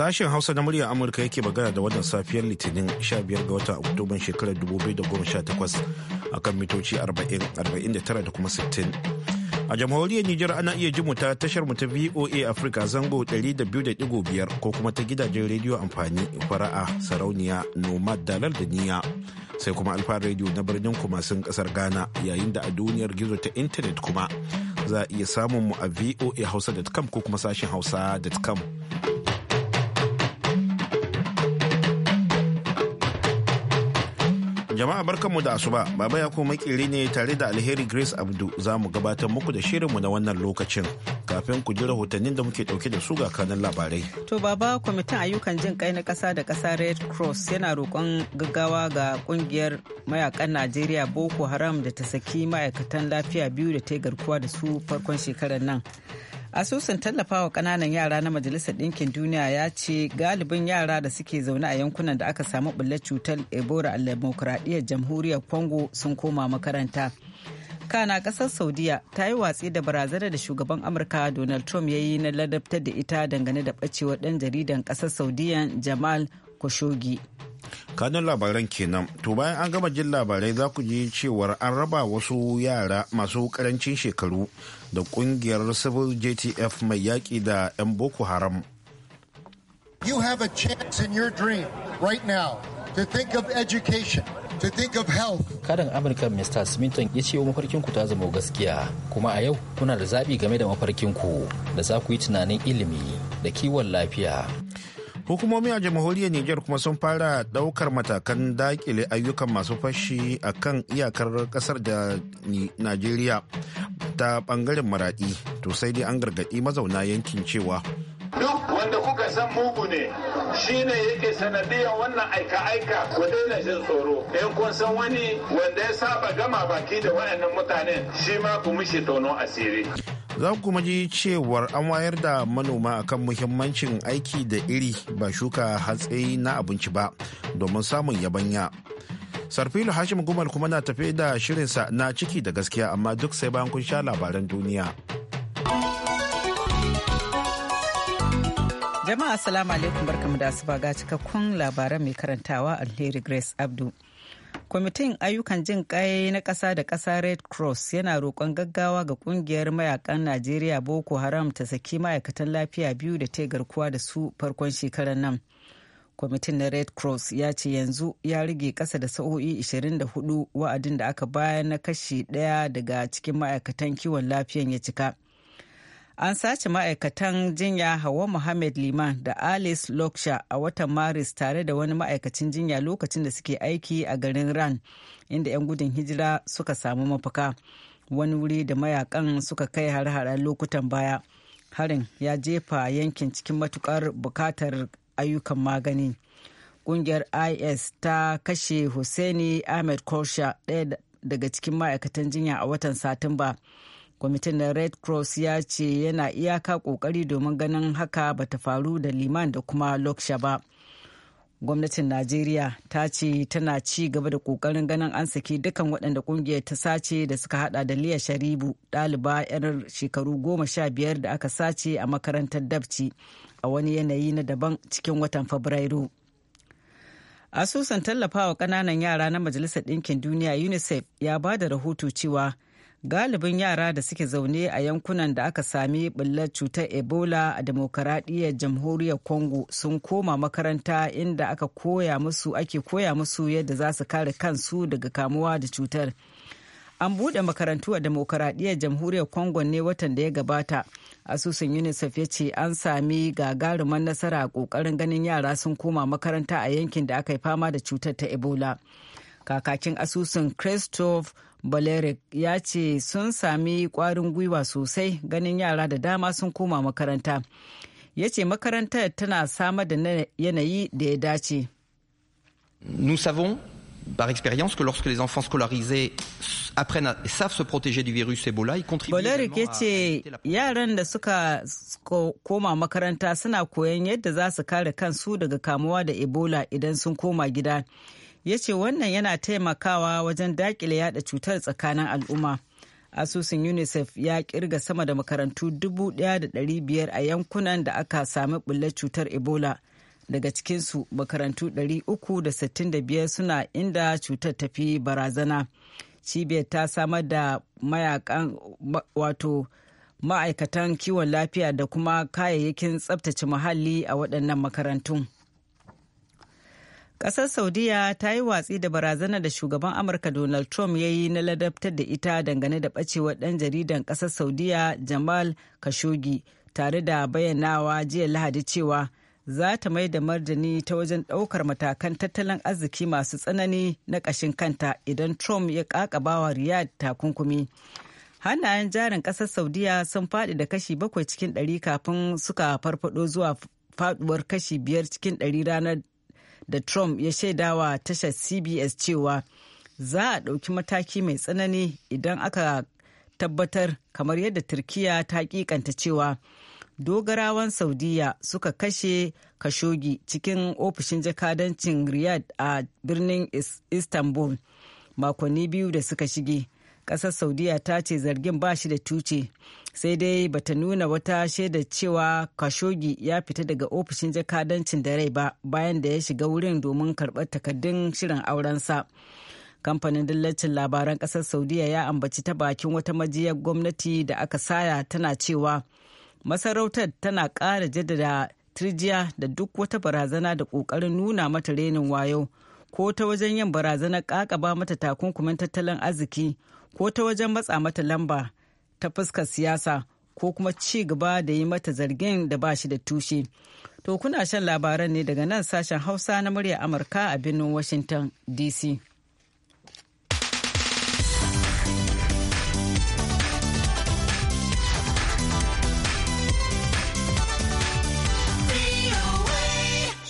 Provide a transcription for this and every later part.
Sashen Hausa na muryar Amurka yake magana da wannan safiyar Litinin 15 ga watan Oktoban shekarar 2018 akan mitoci 40 da kuma 60. A jamhuriyar Nijar ana iya jimu ta tashar mu ta VOA Africa zango 200.5 ko kuma ta gidajen rediyo amfani fara'a sarauniya nomad dalar da niya sai kuma alfa rediyo na birnin kuma sun kasar Ghana yayin da a duniyar gizo ta intanet kuma za a iya samun mu a voa hausa.com ko kuma sashen hausa.com. Jama'a barkanmu da asuba, Baba ya kuma makeri ne tare da Alheri Grace Abdu za mu gabatar muku da shirinmu na wannan lokacin kafin ku ji rahotannin da muke dauke da su ga kanan labarai. To Baba, kwamitin ayyukan jin kai na kasa da kasa Red Cross yana roƙon gaggawa ga ƙungiyar mayakan Najeriya Boko Haram da ta saki ma'aikatan lafiya biyu da ta yi garkuwa da su farkon shekarar nan. asusun tallafawa kananan yara na majalisar ɗinkin duniya ya ce galibin yara da suke zaune a yankunan da aka samu bulle cutar ebola a demokuraɗiyyar jamhuriyar kongo sun koma makaranta kana ƙasar saudiya ta yi watsi da barazana da shugaban amurka donald trump ya yi na ladabtar da ita dangane da ɓacewar ɗan jaridan ƙasar saudiya jamal Khashoggi. kanin labaran kenan to bayan an gama jin labarai za ku ji cewar an raba wasu yara masu karancin shekaru da kungiyar civil jtf mai yaƙi da 'yan boko haram you have a chance in your dream right now to think of education to think of health amurka mr smithon ya ce mafarkin ku ta zama gaskiya kuma a yau kuna da zaɓi game da mafarkin ku da za ku yi tunanin ilimi da kiwon lafiya hukumomi a jamhuriyar niger kuma sun fara daukar matakan dakile ayyukan masu fashi a kan iyakar kasar da nigeria ta bangaren maradi to sai dai an gargadi mazauna yankin cewa duk wanda kuka san mugu ne shine yake sanadiyar wannan aika-aika ku daina jin tsoro in kun san wani wanda ya saba gama baki da waɗannan mutanen shi ma ku mishi tono asiri za ku kuma ji cewar an wayar da manoma akan muhimmancin aiki da iri ba shuka hatsi na abinci ba domin samun yabanya sarfilu hashim gumal kuma na tafe da shirinsa na ciki da gaskiya amma duk sai bayan kun sha labaran duniya jama'a assalamu alaikum barkamu da asuba ga cikakkun labaran mai karantawa alheri grace abdu kwamitin ayyukan jin kai na ƙasa da ƙasa red cross yana roƙon gaggawa ga ƙungiyar mayakan najeriya boko haram ta saki ma'aikatan lafiya biyu da ta garkuwa da su farkon shekarar nan kwamitin na red cross ya ce yanzu ya rage ƙasa da sa'o'i 24 wa'adin da aka bayar na kashi ɗaya daga cikin ma'aikatan kiwon lafiyan ya cika an sace ma'aikatan jinya hawa Mohammed liman da alice loksha a watan maris tare da wani ma'aikacin jinya lokacin da suke aiki a garin ran inda 'yan gudun hijira suka samu mafaka wani wuri da mayakan suka kai har-hara lokutan baya harin ya jefa yankin cikin matukar bukatar ayyukan magani kungiyar is ta kashe hussaini ahmed korsha ɗaya daga cikin ma'aikatan jinya a watan satumba kwamitin na red cross ya ce yana iyaka kokari domin ganin haka ba ta faru da liman da kuma loksha ba gwamnatin najeriya ta ce tana ci gaba da kokarin ganin an saki dukkan waɗanda kungiyar ta sace da suka hada da liya sharibu ɗaliba 'yar shekaru goma sha biyar da aka sace a makarantar dabci a wani yanayi na daban cikin watan fabrairu asusun tallafawa ƙananan yara na majalisar ɗinkin duniya unicef ya ba da rahoto cewa galibin yara da suke zaune a yankunan da aka sami ɓullar cutar ebola a demokaradiyyar jamhuriyar congo sun koma makaranta inda aka koya musu ake koya musu yadda za su kare kansu daga kamuwa da cutar an buɗe makarantu a demokaradiyyar jamhuriyar congo ne watan da ya gabata asusun unicef ya ce an sami gagarumar nasara a ƙoƙarin ganin yara sun koma makaranta a yankin da aka yi fama da cutar ta ebola kakakin asusun christophe balerik ya ce sun sami kwarin gwiwa sosai ganin yara da dama sun koma makaranta. Ya ce makarantar tana samar da yanayi da ya dace. par expérience que lorsque les enfants scolarisés apprennent et savent se protéger du virus Ebola, ils contribuent Boleric ya ce yaran da suka koma makaranta suna koyon yadda za su kare kansu daga kamuwa da Ebola idan sun koma gida. ya ce wannan yana taimakawa wajen dakile yada cutar tsakanin al'umma asusun unicef ya kirga sama da makarantu 1,500 a yankunan da aka sami bullar cutar ebola daga cikinsu makarantu 365 suna inda cutar tafi barazana cibiyar ta samar da mayakan wato ma'aikatan kiwon lafiya da kuma kayayyakin tsabtace muhalli a waɗannan makarantun. Ƙasar Saudiya ta yi watsi da barazana da shugaban Amurka Donald Trump ya yi na ladabtar da ita dangane da ɓacewar ɗan jaridan ƙasar Saudiya Jamal Khashoggi tare da bayyanawa jiya Lahadi cewa za ta mai da martani ta wajen ɗaukar matakan tattalin arziki masu tsanani na ƙashin kanta idan Trump ya ƙaƙabawa riyad takunkumi. Hannayen jarin ƙasar Saudiya sun faɗi da kashi bakwai cikin ɗari kafin suka farfaɗo zuwa faɗuwar kashi biyar cikin ɗari ranar da Trump ya shaidawa tashar CBS cewa za a ɗauki mataki mai tsanani idan aka tabbatar kamar yadda Turkiya ta hakikanta cewa dogarawan Saudiya suka kashe kashogi cikin ofishin jakadancin Riyadh a birnin Istanbul makonni biyu da suka shige. Ƙasar Saudiya ta ce zargin ba shi da tuce. sai dai bata nuna wata shaidar cewa kashogi ya fita daga ofishin jakadancin da rai ba bayan da ya shiga wurin domin karɓar takardun shirin aurensa kamfanin dillacin labaran ƙasar saudiya ya ambaci ta bakin wata majiyar gwamnati da aka saya tana cewa masarautar tana ƙara jaddada turjiya da duk wata barazana da ƙoƙarin nuna mata renin wayo ko ta wajen yin barazanar ƙaƙaba mata takunkumin tattalin arziki ko ta wajen matsa mata lamba ta fuskar siyasa ko kuma ci gaba da yi mata zargin da ba shi da tushe. To kuna shan labaran ne daga nan sashen Hausa na murya Amurka a birnin Washington DC.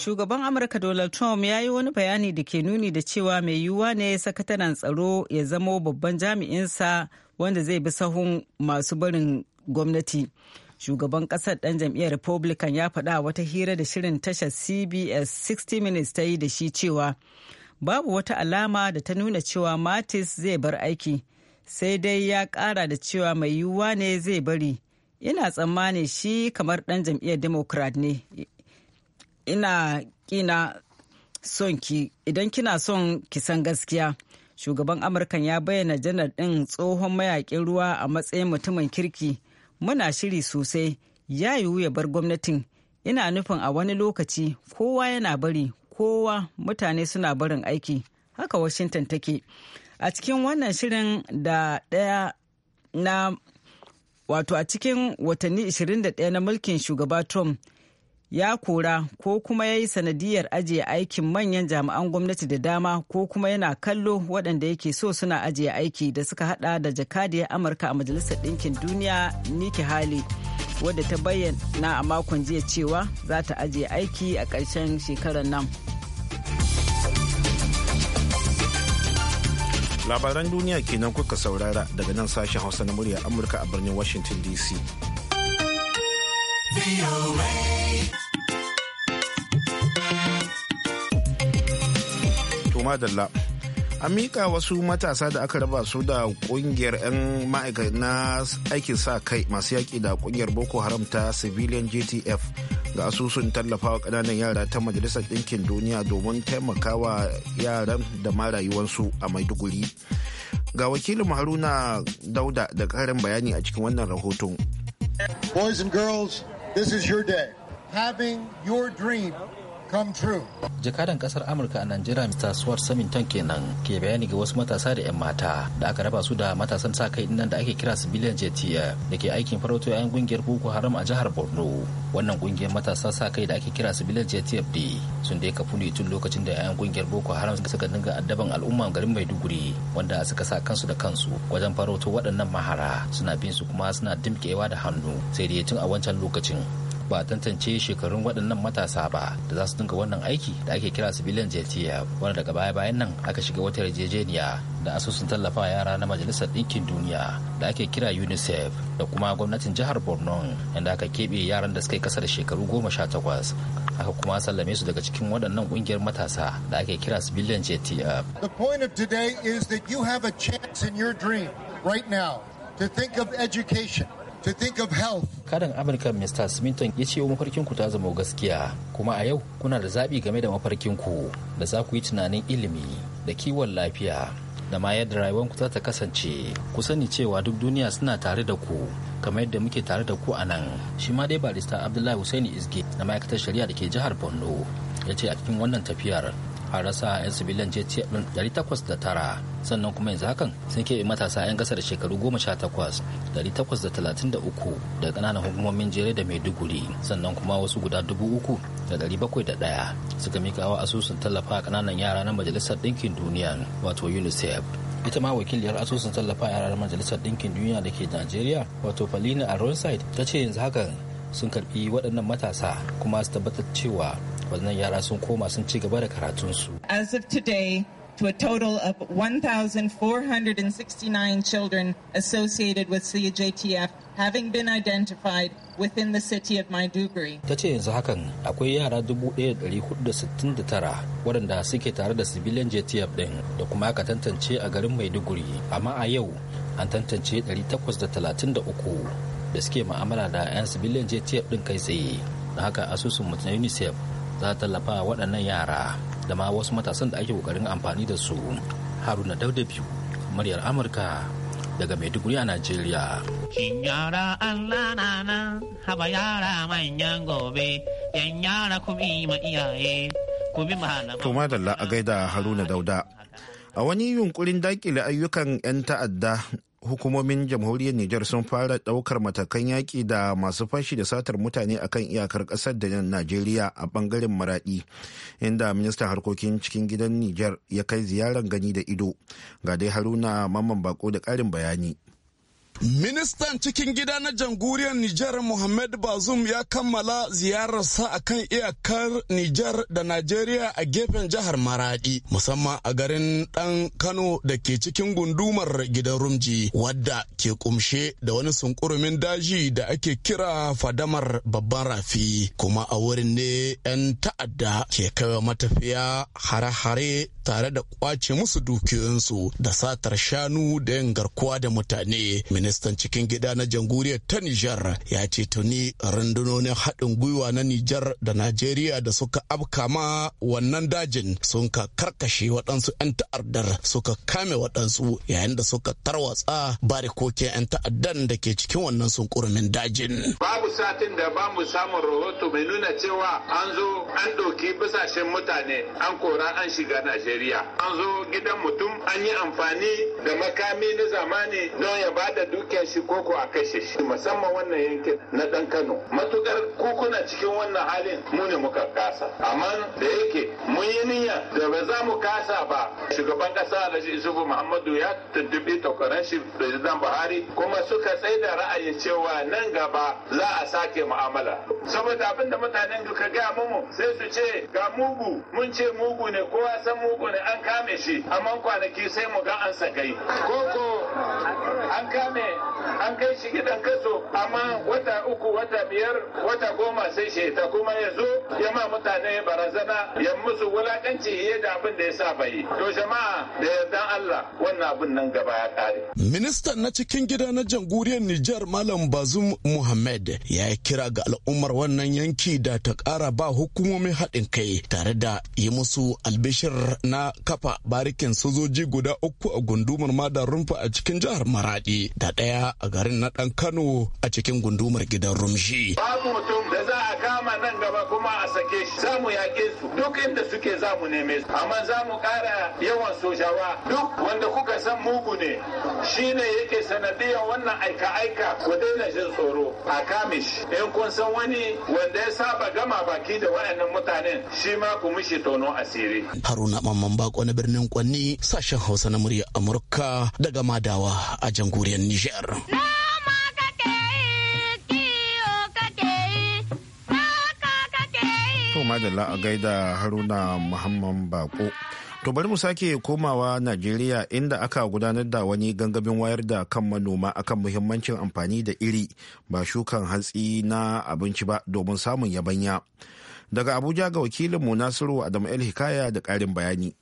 shugaban amurka donald trump ya yi wani bayani da ke nuni da cewa mai yiwuwa ne sakataren tsaro ya zamo babban jami'insa wanda zai bi sahun masu barin gwamnati shugaban kasar dan jam'iyyar republican ya faɗa wata hira da shirin tashar cbs 60 minutes ta yi da shi cewa babu wata alama da ta nuna cewa matis zai bar aiki sai dai ya ƙara da cewa mai yiwuwa ne zai bari ina tsammani shi kamar dan jam'iyyar democrat ne ina kina son ki idan kina son ki san gaskiya shugaban amurkan ya bayyana janar ɗin tsohon mayakin ruwa a matsayin mutumin kirki muna shiri sosai ya yiwu ya bar gwamnatin ina nufin a wani lokaci kowa yana bari kowa mutane suna barin aiki haka washington take a cikin wannan shirin da ɗaya na wato a cikin watanni 21 na mulkin shugaba trump ya kora ko kuma ya yi sanadiyar ajiye aikin manyan jami'an gwamnati da dama ko kuma yana kallo waɗanda yake so suna ajiye aiki da suka hada da jakadiyar amurka a majalisar ɗinkin duniya niki hali wadda ta bayyana a makon jiya cewa za ta ajiye aiki a ƙarshen shekarar nan labaran duniya kenan kuka saurara daga nan sashen hausa na murya amurka a birnin washington dc Toma Dalla. An miƙa wasu matasa da aka raba su da ƙungiyar 'yan ma'aikata na aikin sa kai masu yaƙi da ƙungiyar Boko Haram ta Civilian GTF ga asusun tallafawa ƙananan yara ta Majalisar Ɗinkin Duniya domin taimakawa yaran da ma rayuwarsu a Maiduguri. Ga wakilin Haruna Dauda da ƙarin bayani a cikin wannan rahoton. Boys and girls, This is your day. Having your dream Jakadan kasar Amurka a Najeriya Mr. Swart Samington kenan ke bayani ga wasu matasa da 'yan mata da aka raba su da matasan sa kai nan da ake kira su Billion JTF da ke aikin farauto yayin kungiyar Boko Haram a jihar Borno. Wannan kungiyar matasa sa kai da ake kira su Billion JTF ne sun da ka ne tun lokacin da yayin kungiyar Boko Haram suka dinga addaban al'umma garin Maiduguri wanda suka sa kansu da kansu wajen farauto waɗannan mahara suna bin su kuma suna dimkewa da hannu sai dai tun a wancan lokacin ba tantance shekarun waɗannan matasa ba da za su dinga wannan aiki da ake kira civilian jtf wanda daga baya bayan nan aka shiga wata yarjejeniya da asusun tallafa yara na majalisar ɗinkin duniya da ake kira unicef da kuma gwamnatin jihar borno inda aka keɓe yaran da suka yi kasa da shekaru goma sha takwas aka kuma sallame su daga cikin waɗannan ƙungiyar matasa da ake kira civilian jtf the point of today is that you have a chance in your dream right now to think of education to think of health. Karin Amurka Mr. Smith ya ce mafarkinku ta zama gaskiya kuma a yau kuna da zaɓi game da mafarkinku da za ku yi tunanin ilimi da kiwon lafiya da ma yadda rayuwanku za ta kasance ku sani cewa duk duniya suna tare da ku kamar yadda muke tare da ku a nan shi ma dai barista abdullahi hussaini isge na ma'aikatar shari'a da ke jihar borno ya ce a cikin wannan tafiyar a rasa 'yan sibilan jeci 809 sannan kuma yanzu hakan sun keɓe matasa 'yan kasar shekaru 18,833 833 da ƙananan hukumomin jere da maiduguri sannan kuma wasu guda 3,701 suka mika wa asusun tallafa kananan yara na majalisar ɗinkin duniya wato unicef ita ma wakiliyar asusun tallafa yaran majalisar ɗinkin duniya da ke najeriya wato palina a ta ce yanzu hakan sun karbi waɗannan matasa kuma su tabbatar cewa wannan yara sun koma sun ci gaba da karatun su. As of today, to a total of 1,469 children associated with CJTF having been identified within the city of Maiduguri. Ta ce yanzu hakan akwai yara 1,469 waɗanda suke tare da civilian JTF ɗin da kuma aka tantance a garin Maiduguri, amma a yau an tantance 833 da suke ma'amala da 'yan civilian JTF din kai tsaye. na haka asusun mutum UNICEF za ta tallafa waɗannan yara da ma wasu matasan da ake kokarin amfani da su haruna dauda biyu muryar amurka daga maiduguri a najeriya shin yara allah na nan haba yara manyan gobe yan yara ma iyaye to madalla a gaida haruna dauda a wani yunkurin dakile ayyukan 'yan ta'adda hukumomin jamhuriyar Nijar sun fara daukar matakan yaƙi da masu fashi da satar mutane akan iyakar ƙasar da Najeriya a ɓangaren maraɗi, inda ministan harkokin cikin gidan Nijar ya kai ziyaran gani da ido. Ga dai Haruna Mamman Bako da ƙarin bayani. Ministan cikin gida na janguriyar Nijar Muhammad Bazum ya kammala ziyararsa a kan iyakar Nijar da Najeriya a gefen jihar Maradi, musamman a garin ɗan Kano da ke cikin gundumar gidan Rumji, wadda ke kumshe da wani sunkurumin daji da ake kira fadamar babban rafi, kuma a wurin ne 'yan ta'adda ke kaiwa matafiya hare-hare tare da kwace musu dukiyoyinsu da satar shanu da yin garkuwa da mutane ministan cikin gida na jamhuriyar ta nijar ya ce tuni rundunonin haɗin gwiwa na nijar da najeriya da suka ma wannan dajin sun ka karkashe waɗansu 'yan ta'addar suka kame waɗansu yayin da suka tarwatsa barikokin 'yan ta'addan da ke cikin wannan sunkurumin dajin babu satin da ba mu samun rahoto mai nuna cewa an zo an ɗauki bisashen mutane an kora an shiga najeriya Najeriya. an zo gidan mutum an yi amfani da makami na zamani don ya ba da dukiyar shi koko a kashe shi musamman wannan yankin na ɗan kano matukar kukuna cikin wannan halin mu ne muka kasa amma da yake mun yi niyya da ba za mu kasa ba shugaban ƙasa alhaji isufu muhammadu ya tuntuɓi takwaran shi president buhari kuma suka tsaye da ra'ayin cewa nan gaba za a sake mu'amala saboda abin da mutanen duka gaya mu sai su ce ga mugu mun ce mugu ne kowa san mugu koko ne an kame shi amma kwanaki sai mu ga an sakai koko an kame an kai shi gidan kaso amma wata uku wata biyar wata goma sai shi ta kuma ya zo ya ma mutane barazana ya musu wulakanci ya da abin da ya sa bai to jama'a da yardan Allah wannan abin nan gaba ya kare ministan na cikin gida na jamhuriyar Nijar Malam Bazum Muhammad ya kira ga al'ummar wannan yanki da ta kara ba hukumomin haɗin kai tare da yi musu albishir na kafa barikin sojoji guda uku a gundumar Madar Rumfa a cikin jihar Maradi da ɗaya a garin na ɗan Kano a cikin gundumar gidan Rumshi. Babu mutum da za a kama nan gaba kuma a sake shi za mu yaƙe su duk inda suke za mu neme su amma za mu ƙara yawan sojawa duk wanda kuka san mugu ne shi ne yake sanadiyar wannan aika-aika ku daina jin tsoro a kamish in kun san wani wanda ya saba gama baki da waɗannan mutanen shi ma ku mishi tono asiri. Haruna Mamman Bako na birnin Kwanni sashen Hausa na murya Amurka daga Madawa a jamhuriyar Nijar. madalla a gaida haruna muhammad bako to bari mu sake komawa najeriya inda aka gudanar da wani gangamin wayar da kan manoma akan muhimmancin amfani da iri ba shukan hatsi na abinci ba domin samun yabanya daga abuja ga wakilinmu nasiru adamu el hikaya da karin bayani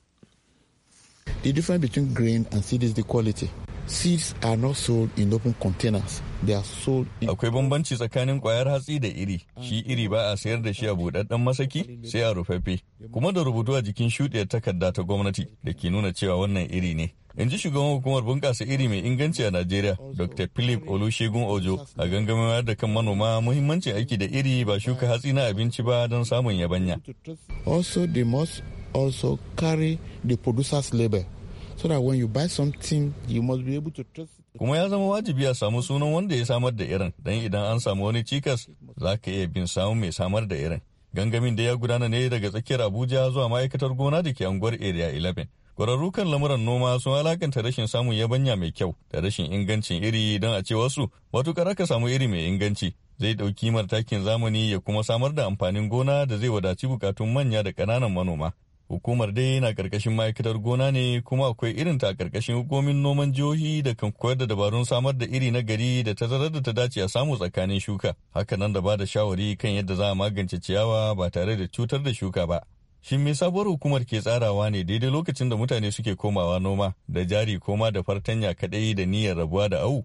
The difference between grain and seed is the quality. seeds are not sold in open containers they are sold akwai bambanci tsakanin kwayar hatsi da iri shi iri ba a sayar da shi a buɗaɗɗen masaki sai a rufaffe kuma da rubutu a jikin shuɗiyar takarda ta gwamnati da ke nuna cewa wannan iri ne in ji shugaban hukumar bunƙasa iri mai inganci a najeriya dr philip olusegun ojo a gangamin wayar da kan manoma muhimmancin aiki da iri ba shuka hatsi na abinci ba don samun yabanya also they must also carry the producers label so that when you buy something you must be able to trust kuma ya zama wajibi a samu sunan wanda ya samar da irin don idan an samu wani cikas za ka iya bin samun mai samar da irin gangamin da ya gudana ne daga tsakiyar abuja zuwa ma'aikatar gona da ke anguwar area 11 kwararru lamuran noma sun alakanta rashin samun yabanya mai kyau da rashin ingancin iri don a ce wasu matukar aka samu iri mai inganci zai ɗauki martakin zamani ya kuma samar da amfanin gona da zai wadaci bukatun manya da ƙananan manoma Hukumar dai na ƙarƙashin ma'aikatar gona ne kuma akwai irinta a ƙarƙashin hukumomin noman jihohi da kan koyar da dabarun samar da iri na gari da tazarar da ta dace a samu tsakanin shuka. Hakanan da ba da shawari kan yadda za a magance ciyawa ba tare da cutar da shuka ba. Shin me sabuwar hukumar ke tsarawa ne daidai lokacin da mutane suke komawa noma da jari koma da fartanya kaɗai da niyyar rabuwa da au?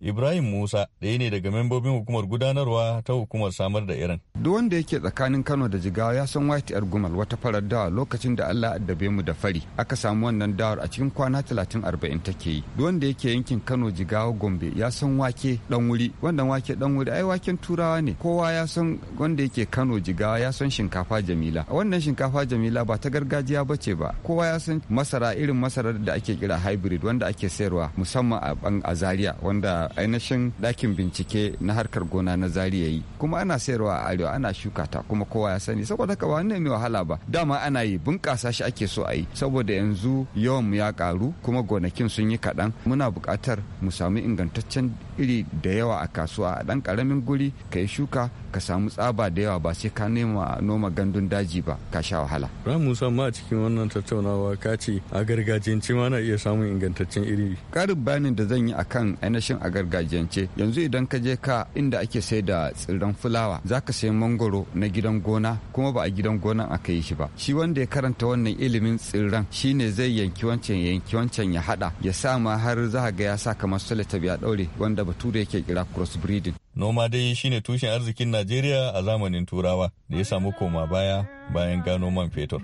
Ibrahim Musa ɗaya ne daga membobin hukumar gudanarwa ta hukumar samar da irin. Duk wanda yake tsakanin Kano da Jigawa ya san White Argumal wata farar dawa lokacin da Allah addabe mu da fari. Aka samu wannan dawar a cikin kwana 30-40 take yi. Duk wanda yake yankin Kano Jigawa Gombe ya san wake dan wuri. Wannan wake dan wuri ai waken turawa ne. Kowa ya san wanda yake Kano Jigawa ya san shinkafa Jamila. Wannan shinkafa Jamila ba ta gargajiya ba ce ba. Kowa ya san masara irin masarar da ake kira hybrid wanda ake sayarwa musamman a Zaria wanda ainihin dakin bincike na harkar gona na zari yayi kuma ana sayarwa a arewa ana shuka ta kuma kowa ya sani saboda ka ba ne mai wahala ba dama ana yi bunƙasa shi ake so a yi saboda yanzu yawan mu ya karu kuma gonakin sun yi kaɗan muna buƙatar mu samu ingantaccen iri da yawa a kasuwa a ɗan ƙaramin guri ka yi shuka ka samu tsaba da yawa ba sai ka nema noma gandun daji ba ka sha wahala. Ran Musa ma a cikin wannan tattaunawa ka ce a gargajiyance ma na iya samun ingantaccen iri. Ƙarin bayanin da zan yi akan ainihin a gargajiyance yanzu idan ka je ka inda ake sai da tsirran fulawa za ka sai mangoro na gidan gona kuma ba a gidan gonan aka yi shi ba shi wanda ya karanta wannan ilimin tsirran shine zai yanki wancan yanki wancan ya hada ya sa ma har za ga ya sa kamar sulatabi ya daure wanda bature yake kira crossbreeding noma dai shine tushen arzikin najeriya a zamanin turawa da ya samu koma baya bayan gano man fetur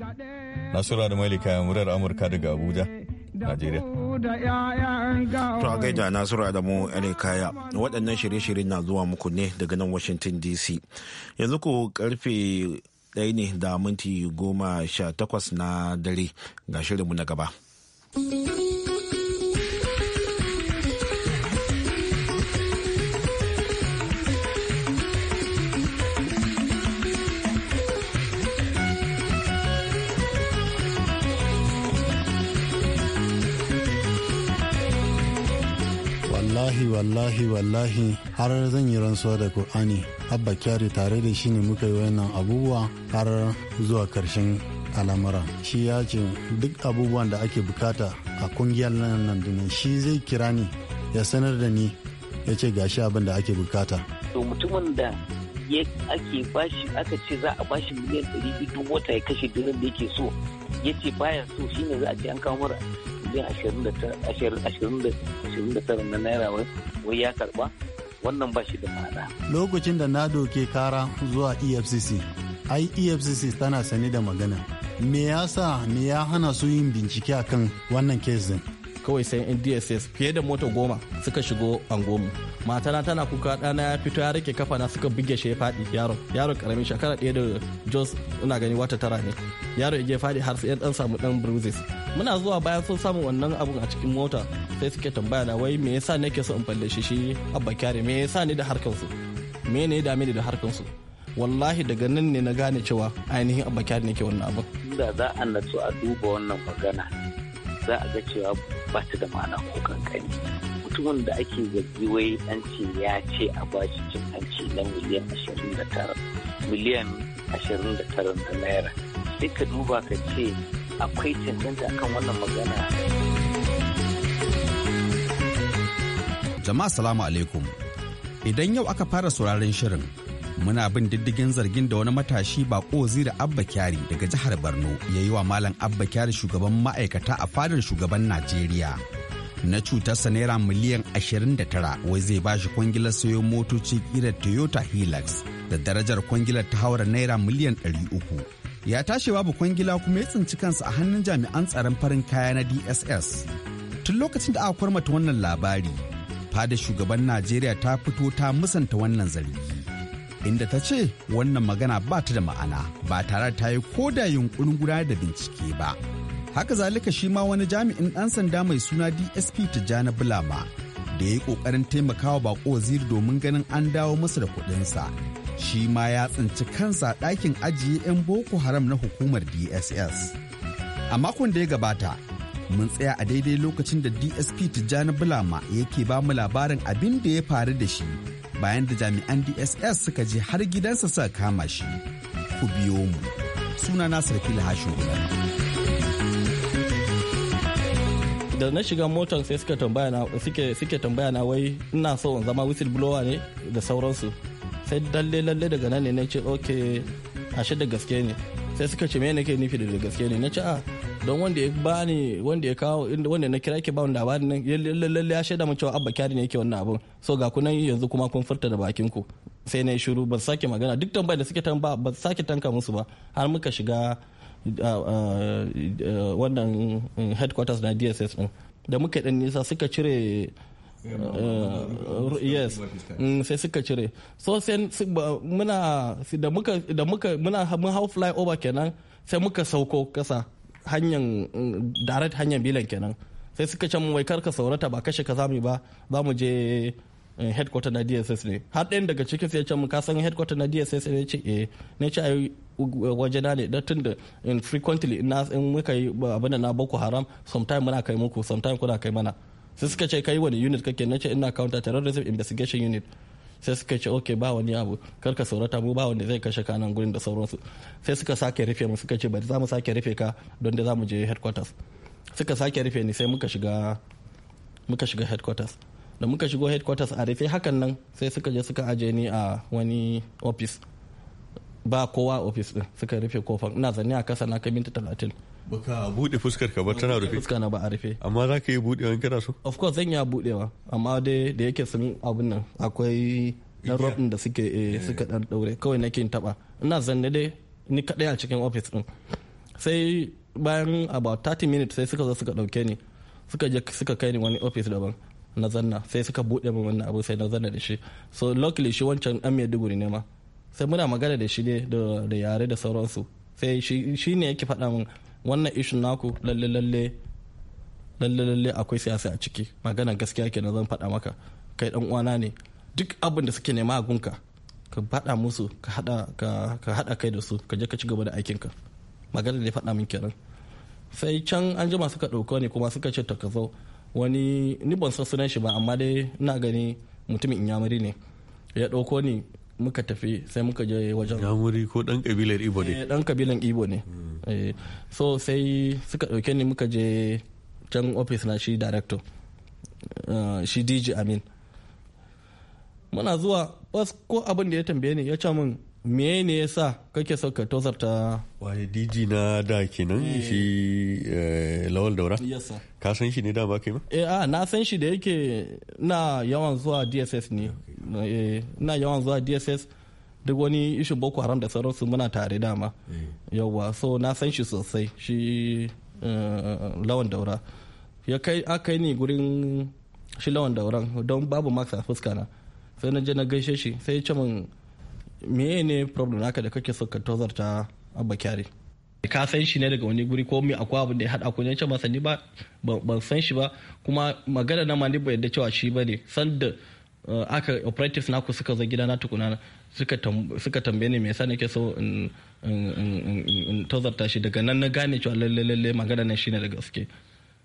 nasura da malika murar amurka daga abuja Najeriya. To a gaida Nasiru Adamu Kaya waɗannan shirye-shirye na zuwa muku ne daga nan Washington DC. Yanzu ku karfe ɗaya ne da minti goma sha takwas na dare ga shirinmu na gaba. wallahi wallahi wallahi har zan yi rantsuwa da kur'ani abba kyari tare da shi ne muka yi wannan abubuwa har zuwa karshen al'amura shi ya ce duk abubuwan da ake bukata a kungiyar nan nan shi zai kira ni ya sanar da ni ya ce gashi abin da ake bukata to mutumin da ya aka ce za a bashi miliyan 200 duk mota ya kashe dinar da yake so ya ce baya so shine za a ji an kawo mara miliyan ashirin da na naira wai ya karba wannan ba shi da ma'ana. Lokacin da na doke kara zuwa EFCC, ai EFCC tana sani da magana. Me ya sa me ya hana su yin bincike akan wannan kesin? kawai sai yan dss fiye da mota goma suka shigo angomu matana tana kuka ɗana ya fito ya rike kafa na suka buge shi ya faɗi yaro yaro karamin shekara ɗaya da jos ina gani wata tara ne yaro ya faɗi har sai ɗan samu ɗan bruises muna zuwa bayan sun samu wannan abun a cikin mota sai suke tambaya na wai me yasa nake so in falle shi abba kyare me yasa ni da harkan su me ne da da harkan su wallahi daga nan ne na gane cewa ainihin abba kyare nake wannan abun da za a natsu a duba wannan magana za a ga cewa ba ta da ma'ana ko kankani mutumin da ake zargi wai an ce ya ce a bashi cin hanci na miliyan ashirin da tara miliyan ashirin da tara da naira sai ka duba ka ce akwai cancanta akan wannan magana jama'a salamu alaikum idan yau aka fara sauraron shirin muna bin diddigin zargin da wani matashi bako zira abba kyari daga jihar borno ya yi wa malam abba kyari shugaban ma'aikata a fadar shugaban najeriya na cutarsa naira miliyan 29 wai zai bashi kwangilar sayo motoci kira toyota hilux da darajar kwangilar ta haura naira miliyan 300 ya tashi babu kwangila kuma ya tsinci kansa a hannun jami'an tsaron farin kaya na dss tun lokacin da aka kwarmata wannan labari fadar shugaban najeriya ta fito ta musanta wannan zargi inda ta ce wannan magana ba ta da ma'ana ba tare ta yi da yunkurin gudanar da bincike ba haka zalika shi ma wani jami'in ɗan sanda mai suna dsp tijjani bulama da ya yi ƙoƙarin taimakawa bako waziri domin ganin an dawo masa da kuɗinsa shi ma ya tsinci kansa ɗakin ajiye 'yan boko haram na hukumar dss a makon da ya gabata mun tsaya a daidai lokacin da dsp tijjani bulama yake ba mu labarin abin da ya faru da shi bayan da jami'an dss suka je har gidansa suka kama shi ku biyo mu suna nasir fil da na shiga motar sai suka tambaya na suke suke tambaya na wai ina so in zama whistleblower ne da sauransu sai dalle lalle daga nan ne na okay ashe da gaske ne sai suka ce me nake nufi da gaske ne na a ah, don wanda ya bani wanda ya kawo wanda na kira ke ba wanda ba nan lalle ya shaida mun cewa abba kyari ne yake wannan abun so ga kunan yanzu kuma kun furta da bakin ku sai na shiru ban sake magana duk tambayar da suke tan ba ban sake tanka musu ba har muka shiga wannan mm, headquarters na dss din da muka dan nisa suka cire eh, yes mm, sai suka cire so sai muna da muka da muka muna mun hau over kenan sai muka sauko kasa hanyar mm, direct hanyar bilan kenan sai suka can mu wai karka saurata ba kashe kaza mu ba za mu je eh, headquarter na dss ne har ɗayan daga cikin sai can mu ka san headquarter na dss ne ce eh ne ce ai waje na ne tun da in frequently in muka yi abin na boko haram sometime muna kai muku sometime kuna kai mana sai suka ce kai wani unit kake na ce ina counter terrorism investigation unit sai suka ce ok ba wani abu kar saurata mu ba wanda zai kashe ka gurin da sauransu sai suka sake rufe mu suka ce bari za mu sake rufe ka don da za mu je headquarters suka sake rufe ni sai muka shiga muka shiga headquarters da muka shigo headquarters a rufe hakan nan sai suka je suka aje ni a wani office ba kowa office din suka rufe kofar ina zanne a kasa na kai minti talatin baka bude fuskar ka ba tana rufe fuska na ba a rufe amma za ka yi bude wani kana so of course zan iya budewa amma dai da yake sun abin nan akwai dan robin da suke eh, eh. suka dan daure kawai nake in taba ina zanne dai ni kadai a cikin office din sai bayan about 30 minutes sai suka zo suka dauke ni suka je suka kai ni wani office daban na zanna sai suka bude min wannan abu sai na zanna da shi so luckily shi wancan dan duguri ne ma sai muna magana da shi ne da yare da sauransu sai shi ne yake faɗa min wannan ishin naku lalle lalle lalle akwai siyasa a ciki magana gaskiya kenan zan faɗa maka kai dan uwana ne duk abin da suke nema a gunka ka faɗa musu ka haɗa ka haɗa kai da su ka je ka ci gaba da aikin ka magana da ya faɗa min kenan sai can an jima suka ɗauka ne kuma suka ce ta ka zo wani ni ban san sunan shi ba amma dai ina gani mutumin inyamuri ne ya ɗauko ni muka tafi sai muka je wajen gamuri ko dan kabilar ibo ne dan eh, kabilan ibo ne hmm. eh, so sai suka dauke ni muka je can office na shi director eh, shi dj amin muna zuwa bas ko abin da ya tambaye ni ya ce min me ne ya sa kake sauka ka tozarta wani dg na da kenan eh. shi eh, lawal daura ka san shi ne da ba kai ma eh a ah, na san shi da yake na yawan zuwa dss ne eh, na yawan zuwa dss duk wani ishin boko haram da sauransu muna tare dama yawwa so na san shi sosai shi lawan daura ya kai aka yi ni gurin shi lawan dauran don babu maksa fuska na sai na je na gaishe shi sai ya ce min me ne problem naka da kake so ka tozarta abba kyari ka san shi ne daga wani guri ko me akwai abin da ya hada ku ne ce masani ba ban san shi ba kuma magana na mani ba yadda cewa shi ba ne San da eh, aka operatives naku suka zo gida na tukuna suka tambaye ni me yasa nake so in tozarta shi daga nan na gane cewa lalle lalle magana na shi ne da gaske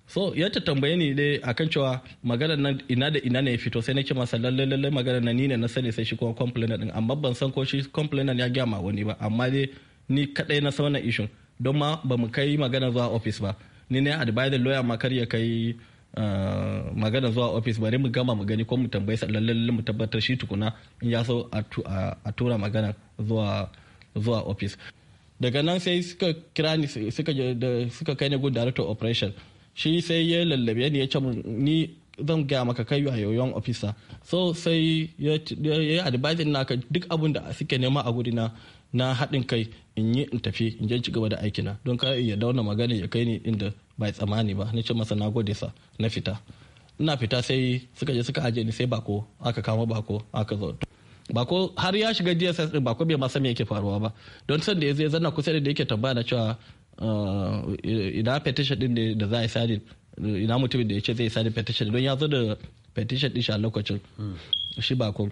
so yadda tambaye ni dai akan cewa maganar nan ina da ina ne ya fito sai na nake masa lalle lalle maganar nan ni ne na sani sai shi kuma complainer din amma ban san ko shi complainer ya gaya ma wani ba amma dai ni kadai na sauna ishin don ma ba mu kai magana zuwa office ba ni ne advisor lawyer ma kar ya kai eh, magana zuwa office bari mu gama mu gani ko mu tambaye sa lalle mu tabbatar shi tukuna in ya so a tura magana zuwa zuwa office daga nan sai suka kira ni suka kai ni gun director operation shi sai ya lallabe ni ya ce ni zan gaya maka kai a yoyon ofisa so sai ya yi advising naka duk abun da suke nema a gudina na haɗin kai in yi in tafi in je ci gaba da aikina don ka ya dauna magana ya kai ni inda bai tsamani ba na ce masa na gode sa na fita ina fita sai suka je suka aje ni sai bako aka kama bako aka zo bako har ya shiga dss din bako bai ma san me yake faruwa ba don san da ya zai zanna kusa da yake tambaya na cewa Eh, ina petition din ne da za a yi sadin ina mutumin da ya ce zai yi sadin petition don ya zo da petition din shi a lokacin shi ku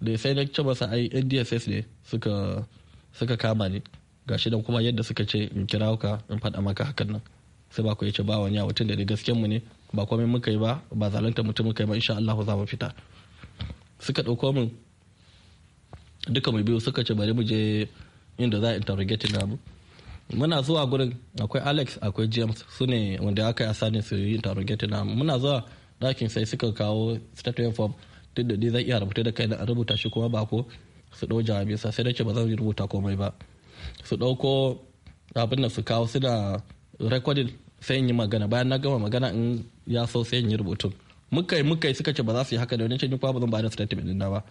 da sai na ce masa ai ndss ne suka suka kama ni gashi shi kuma yadda suka ce in kira ka in faɗa maka hakan nan sai ba ku ya ce ba wani a mutum da gaske mu ne ba komai muka yi ba ba zalunta mutum muka yi ba insha Allah za mu fita suka ɗauko min duka mai biyu suka ce bari mu je inda za a interrogate na mu muna zuwa gurin akwai alex akwai james su ne wanda aka yi asani su yi taron gate na muna zuwa dakin sai suka kawo statement form duk da zai iya rubuta da kai na rubuta shi kuma ba ko su ɗau jawabi sa sai nake ba zan rubuta komai ba su ɗauko abin da su kawo suna recording sai in yi magana bayan na gama magana in ya so sai in yi rubutun muka yi muka yi suka ce ba za su yi haka da wani ce ni kuma ba zan ba da statement ɗin na ba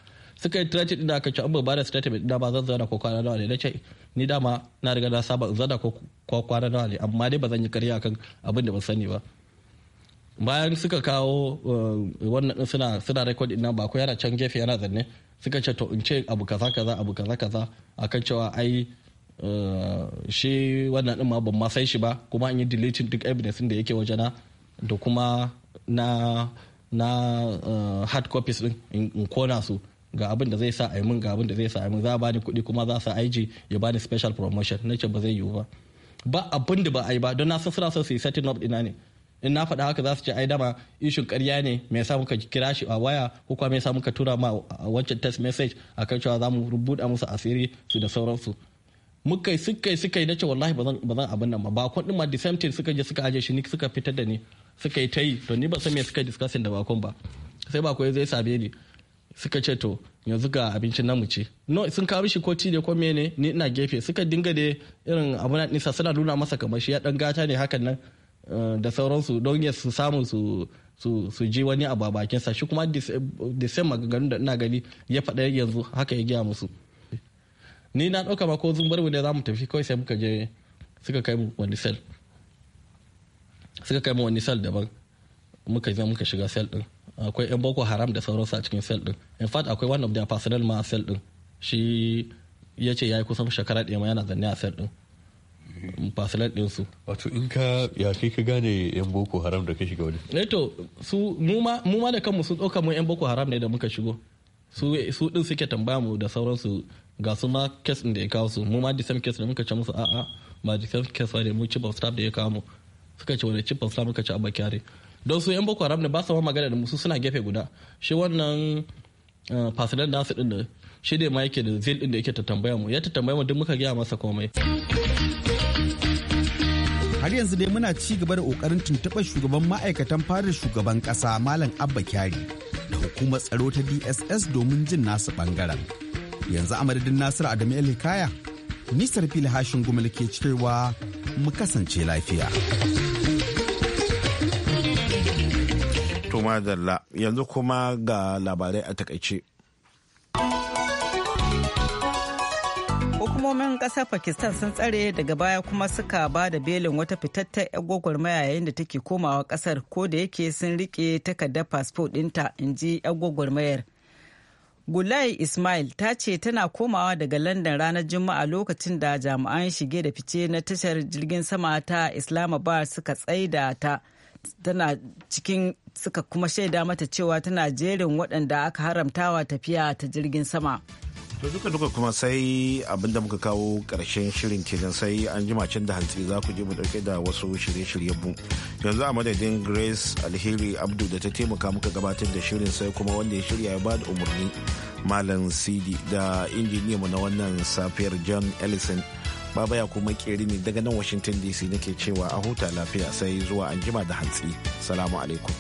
suka yi transit din da aka ci ba da statement da ba zan zana ko kwana nawa ne na ce ni dama na riga na saba in zana ko kwana nawa ne amma dai ba zan yi karya kan abin da ban sani ba bayan suka kawo eh, wannan suna suna record din ba ko yana can gefe yana zanne suka ce to in ce abu kaza kaza abu kaza kaza akan cewa ai eh, shi wannan din ma ban ma san shi ba kuma an yi deleting duk evidence da yake wajena da kuma na na eh, hard copies din in kona su ga abin da zai sa a yi mun ga abin da zai sa a yi mun za a bani kuɗi kuma za su aiji ya bani special promotion na ce ba zai yiwu ba ba abin da ba a yi ba don na san suna son su yi setting up ina ne in na faɗa haka za su ce ai dama ishin ƙarya ne me yasa muka kira shi a waya ko kuma me yasa muka tura ma wancan text message akan cewa za mu rubuta musu asiri su da sauransu muka suka suka na nace wallahi ba zan abin nan ba ba kun ma the same thing suka je suka aje shi ni suka fitar da ni suka yi ta yi to ni ba san me suka discussing da bakon ba sai ba ko zai same ni suka ce to yanzu ga abincin namu ce no sun kawo shi ko ne ko mene ni ina gefe suka dinga da irin abu na nisa suna nuna masa kamar shi ya dan gata ne hakan nan eh, da sauransu don ya su samu su su ji wani abu a bakinsa shi kuma da sai maganganun da ina gani ya faɗa yanzu haka ya gaya musu ni na ɗauka ba ko zumbar ne zamu tafi kawai sai muka je suka kai mu wani sel suka kai mu wani sel daban muka zama muka shiga sel ɗin akwai yan boko haram da sauransu a cikin cell din in fact akwai one of their personnel ma a cell din shi ya ce ya yi kusan shekara ɗaya ma yana zanne a cell din din su Wato in ka ya kai ka gane 'yan Boko Haram da ka shiga wani? Ne eh to su mu ma da kanmu sun ɗauka mu 'yan Boko Haram ne da muka shigo. Su ɗin suke tambaya mu da sauransu ga su ma kes da ya kawo su mu ma same kes ne muka ce musu a'a ba disam kes ne mu ci of staff da ya kawo mu suka ce wani chief of muka ci abba kyare don su yan boko haram ne ba su ma magana da musu suna gefe guda shi wannan eh, fasilan nasu su da shi ne ma yake da zil din da yake ta tambaya mu ya ta tambaya mu duk muka gaya masa komai har yanzu dai muna ci gaba da kokarin tuntuɓar shugaban ma'aikatan fadar shugaban ƙasa malam abba kyari da hukumar tsaro ta dss domin jin nasu bangaren yanzu a madadin nasiru adamu el hikaya nisar fili hashin gumal ke cewa mu kasance lafiya. To dalla yanzu kuma ga labarai a takaice. Hukumomin ƙasar Pakistan sun tsare daga baya kuma suka ba da belin wata fitattar agogwar gwagwarmaya yayin da take komawa ƙasar ko da yake sun rike takardar fasfo ɗinta in ji 'yan gwagwarmayar. Gulai Ismail ta ce tana komawa daga London ranar Juma'a lokacin da jami'an shige da fice na tashar jirgin sama ta Islamabad suka tsaida ta. tana cikin suka kuma shaida mata cewa tana jerin waɗanda aka haramtawa tafiya ta jirgin sama. to duka duka kuma sai abinda muka kawo karshen shirin kenan sai an jima can da hantsi za ku je mu ɗauke da wasu shirye-shirye mu yanzu a madadin grace alheri abdu da ta taimaka muka gabatar da shirin sai kuma wanda ya shirya ya ba da umarni malam sidi da injiniyanmu na wannan safiyar john ellison baba ya kuma keri washington dc nake cewa a huta lafiya sai anjima da hantsi alaikum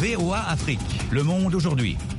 VOA Afrique, le monde aujourd'hui.